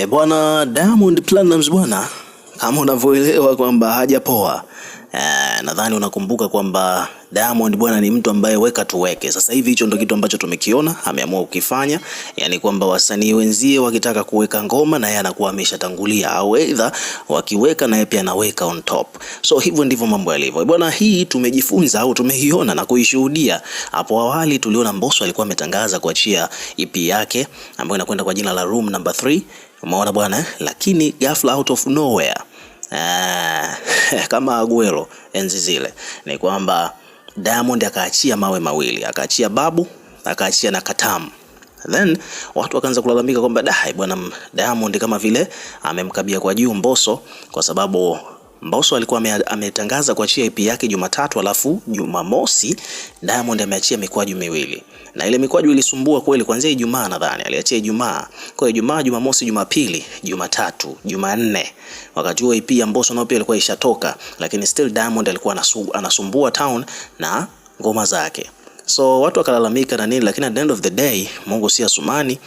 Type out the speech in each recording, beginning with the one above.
E bwana, Diamond Platnumz bwana, kama unavyoelewa kwamba hajapoa Eh, nadhani unakumbuka kwamba Diamond bwana ni mtu ambaye weka tuweke. Sasa hivi hicho ndo kitu ambacho tumekiona ameamua kukifanya, yani kwamba wasanii wenzie wakitaka kuweka ngoma na yeye anakuwa ameshatangulia, au either wakiweka na yeye pia anaweka on top. So hivyo ndivyo mambo yalivyo bwana. Hii tumejifunza au tumeiona na kuishuhudia. Hapo awali tuliona Mbosso alikuwa ametangaza kuachia EP yake ambayo inakwenda kwa jina la Room Number 3, umeona bwana, lakini ghafla out of nowhere Ah, kama Aguero enzi zile ni kwamba Diamond akaachia mawe mawili, akaachia Babu, akaachia na Katamu. Then watu wakaanza kulalamika kwamba dai bwana Diamond kama vile amemkabia kwa juu Mbosso kwa sababu Mbosso alikuwa ametangaza kuachia EP yake Jumatatu, alafu Jumamosi Diamond ameachia mikwaju miwili, na ile mikwaju ilisumbua kweli, kuanzia Ijumaa nadhani aliachia Ijumaa. Kwa hiyo Ijumaa, Jumamosi, Jumapili, Jumatatu, Jumanne, wakati huo EP ya Mbosso nayo pia ilikuwa ishatoka, lakini still Diamond alikuwa anasumbua town na ngoma zake, so watu wakalalamika na nini, lakini at the end of the day Mungu si Asumani,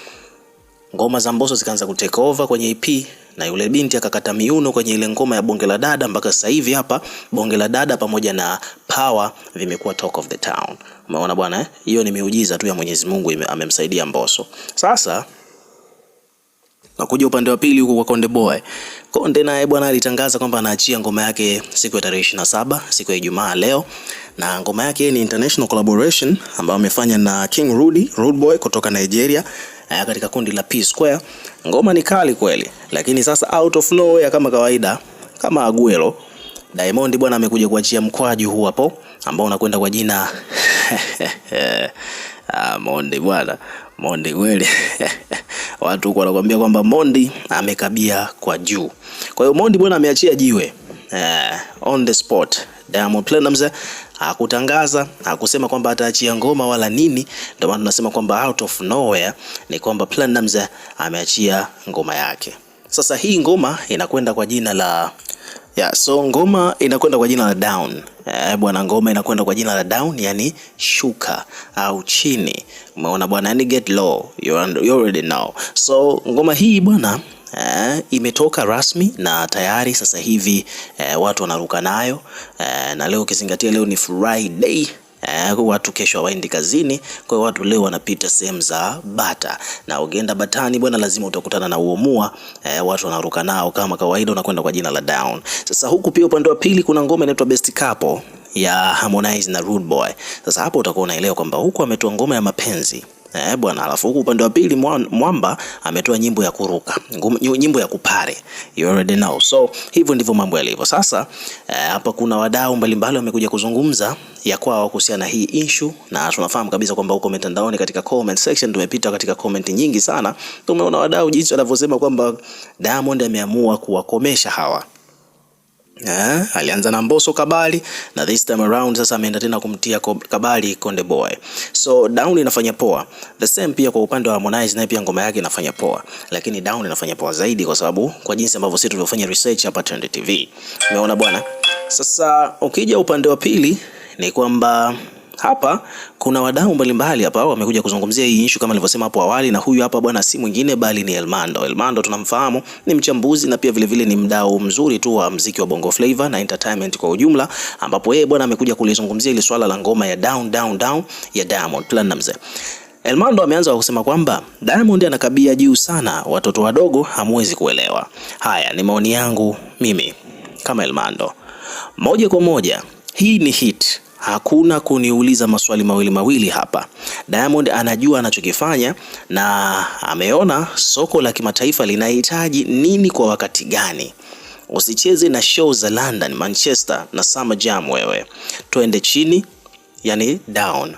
ngoma za Mbosso zikaanza kutake over kwenye EP na yule binti akakata miuno kwenye ile ngoma ya bonge la dada. Mpaka sasa hivi hapa bonge la dada pamoja na Power vimekuwa talk of the town. Umeona bwana, eh? hiyo eh? Ni miujiza tu ya Mwenyezi Mungu amemsaidia Mbosso. Sasa nakuja upande wa pili huko kwa Konde Boy. Konde naye bwana alitangaza kwamba anaachia ngoma yake siku ya tarehe 27 siku ya Ijumaa leo, na ngoma yake ni international collaboration ambayo amefanya na King Rudy, Rude Boy kutoka Nigeria Eh, katika kundi la P Square. Ngoma ni kali kweli, lakini sasa out of nowhere kama kawaida, kama Aguero Diamond bwana amekuja kuachia mkwaju huu hapo ambao unakwenda kwa jina ah, Mondi bwana Mondi kweli watu huko wanakuambia kwamba Mondi amekabia kwa juu. Kwa hiyo Mondi bwana ameachia jiwe eh, on the spot Diamond Platinumz hakutangaza, hakusema kwamba ataachia ngoma wala nini. Ndio maana tunasema kwamba out of nowhere ni kwamba Platinumz ameachia ngoma yake. Sasa hii ngoma inakwenda kwa jina la ya, so ngoma inakwenda kwa jina la Down. Eh, bwana ngoma inakwenda kwa jina la Down, yani shuka au chini. Umeona bwana, yani get low. You already know. So ngoma hii bwana eh, imetoka rasmi na tayari sasa hivi eh, watu wanaruka nayo eh, na leo ukizingatia leo ni Friday. Eh, watu kesho hawaendi kazini, kwa hiyo watu leo wanapita sehemu za bata, na ukienda batani bwana, lazima utakutana na uomua eh, watu wanaruka nao kama kawaida, unakwenda kwa jina la down. Sasa huku pia upande wa pili kuna ngoma inaitwa Best Couple ya Harmonize na Rude Boy. Sasa hapo utakuwa unaelewa kwamba huku ametoa ngoma ya mapenzi eh bwana. Alafu huku upande wa pili Mwamba ametoa nyimbo ya kuruka, nyimbo ya kupare, you already know. So hivyo ndivyo mambo yalivyo sasa. Eh, hapa kuna wadau mbalimbali wamekuja kuzungumza ya kwao kuhusiana na hii issue, na tunafahamu kabisa kwamba huko mitandaoni katika comment section tumepita katika comment nyingi sana, tumeona wadau jinsi wanavyosema kwamba Diamond ameamua kuwakomesha hawa Yeah, alianza na Mbosso Kabali na this time around sasa ameenda tena kumtia Kabali Konde Boy. So down inafanya poa. The same pia kwa upande wa Harmonize naye pia ngoma yake inafanya poa. Lakini down inafanya poa zaidi kwa sababu kwa jinsi ambavyo sisi tulivyofanya research hapa Trend TV. Umeona bwana? Sasa ukija upande wa pili ni kwamba hapa kuna wadau mbalimbali hapa wamekuja kuzungumzia hii issue kama nilivyosema hapo awali, na huyu hapa bwana si mwingine bali ni Elmando. Elmando tunamfahamu ni mchambuzi na pia vilevile vile ni mdau mzuri tu wa mziki wa Bongo Flava na entertainment kwa ujumla, ambapo yeye bwana amekuja kulizungumzia ile swala la ngoma ya down down down ya Diamond Platnumz. Elmando ameanza kwa kusema kwamba Diamond anakabia juu sana, watoto wadogo hamwezi kuelewa. Haya ni maoni yangu mimi kama Elmando. Moja kwa moja, hii ni hit hakuna kuniuliza maswali mawili mawili hapa. Diamond anajua anachokifanya na ameona soko la kimataifa linahitaji nini kwa wakati gani. Usicheze na show za London, Manchester na Summer Jam wewe. Twende chini, yani down.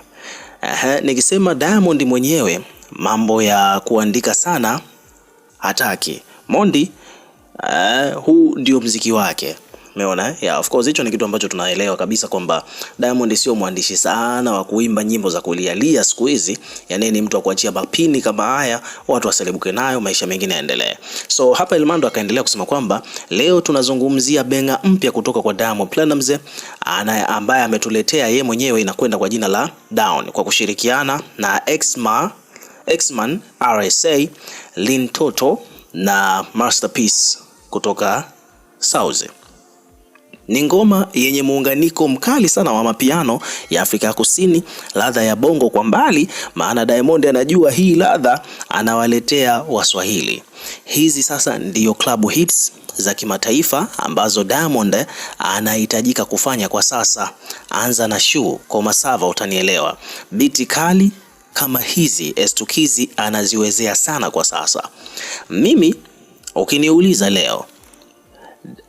Aha, nikisema Diamond mwenyewe mambo ya kuandika sana hataki. Mondi, uh, huu ndio mziki wake. Umeona eh? Yeah, of course hicho ni kitu ambacho tunaelewa kabisa kwamba Diamond sio mwandishi sana wa kuimba nyimbo za kulialia siku hizi. Yaani ni mtu wa kuachia mapini kama haya, watu waselebuke nayo, maisha mengine yaendelee. So hapa Elmando akaendelea kusema kwamba leo tunazungumzia benga mpya kutoka kwa Diamond Platnumz ambaye ametuletea ye mwenyewe, inakwenda kwa jina la Down kwa kushirikiana na Xma Xman RSA Toto na Masterpiece kutoka Sauze. Ni ngoma yenye muunganiko mkali sana wa mapiano ya Afrika Kusini, ladha ya bongo kwa mbali, maana Diamond anajua hii ladha, anawaletea Waswahili. Hizi sasa ndiyo club hits za kimataifa ambazo Diamond anahitajika kufanya kwa sasa. Anza na kwa Komasava, utanielewa. Biti kali kama hizi estukizi anaziwezea sana kwa sasa. Mimi ukiniuliza leo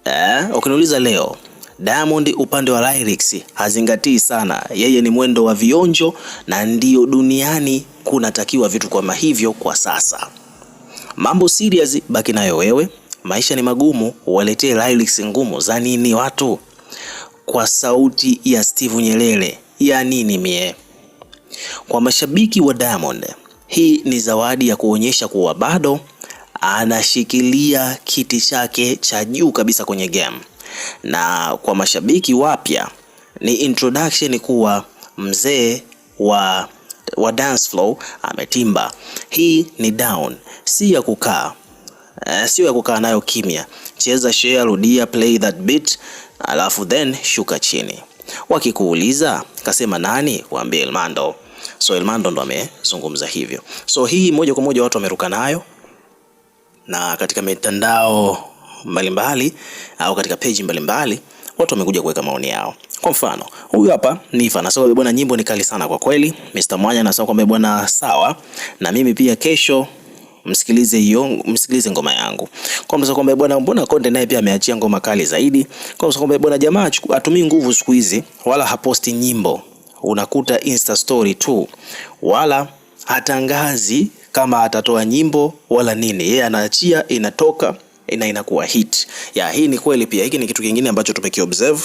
eh, ukiniuliza leo Diamond upande wa lyrics hazingatii sana, yeye ni mwendo wa vionjo, na ndiyo duniani kunatakiwa vitu kama hivyo kwa sasa. Mambo serious baki nayo wewe, maisha ni magumu, waletee lyrics ngumu za nini watu? Kwa sauti ya Steve Nyerere ya nini mie? Kwa mashabiki wa Diamond, hii ni zawadi ya kuonyesha kuwa bado anashikilia kiti chake cha juu kabisa kwenye game na kwa mashabiki wapya ni introduction kuwa mzee wa, wa dance flow ametimba. Hii ni down, si ya kukaa uh, sio ya kukaa nayo kimya. Cheza, share, rudia, play that beat, alafu then shuka chini. Wakikuuliza kasema nani, waambie Elmando. So Elmando ndo amezungumza hivyo. So hii moja kwa moja watu wameruka nayo na katika mitandao mbalimbali mbali, au katika peji mbalimbali watu wamekuja kuweka maoni yao. Kwa mfano, huyu hapa Nifa anasema bwana, nyimbo ni kali sana kwa kweli. Mr. Mwanya anasema kwamba bwana, sawa na mimi pia kesho msikilize hiyo, msikilize ngoma yangu. Kwa msako kwamba bwana, mbona Konde naye pia ameachia ngoma kali zaidi. Kwa msako kwamba bwana, jamaa atumii nguvu siku hizi, wala haposti nyimbo, unakuta insta story tu, wala hatangazi kama atatoa nyimbo wala nini, yeye anaachia inatoka Eh, na inakuwa hit. Ya hii ni kweli pia, hiki ni kitu kingine ambacho tumekiobserve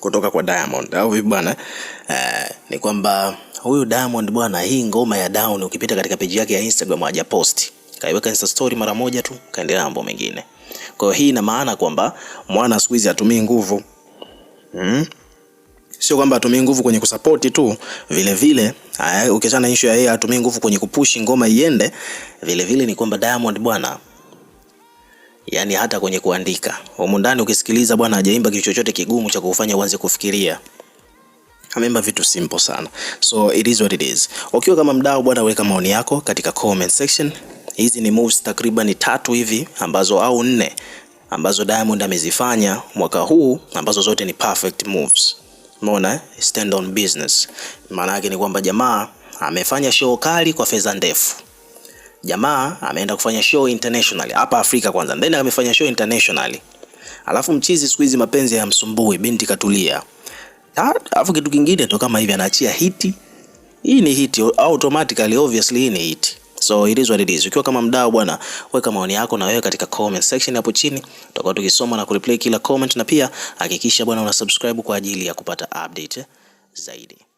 kutoka kwa Diamond au vipi bwana Uh, ni kwamba huyu Diamond bwana, hii ngoma ya down ukipita katika page yake ya Instagram haja post, kaiweka insta story mara moja tu, kaendelea mambo mengine. Kwa hiyo hii ina maana kwamba mwana siku hizi hatumii nguvu hmm? Sio kwamba atumii nguvu kwenye kusupport tu, vile vile eh, ukiachana issue ya yeye atumii nguvu kwenye kupush ngoma iende, vile vile ni kwamba Diamond bwana yani hata kwenye kuandika humu ndani ukisikiliza bwana, hajaimba kitu chochote kigumu cha kufanya uanze kufikiria. Ameimba vitu simple sana, so it is what it is. Ukiwa kama mdau bwana, weka maoni yako katika comment section. Hizi ni moves takriban tatu hivi ambazo au nne ambazo Diamond amezifanya mwaka huu ambazo zote ni perfect moves. Umeona, eh? stand on business. Maana yake ni kwamba jamaa amefanya show kali kwa fedha ndefu jamaa ameenda kufanya show internationally hapa Afrika kwanza, then amefanya show internationally, alafu mchizi siku hizi mapenzi hayamsumbui, binti katulia. Alafu kitu kingine to kama hivi, anaachia hiti. Hii ni hiti automatically, obviously hii ni hiti. So it is what it is. Ukiwa kama mdau bwana, weka maoni yako na wewe katika comment section hapo chini, tutakuwa tukisoma na kureply kila comment, na pia hakikisha bwana una subscribe kwa ajili ya kupata update zaidi.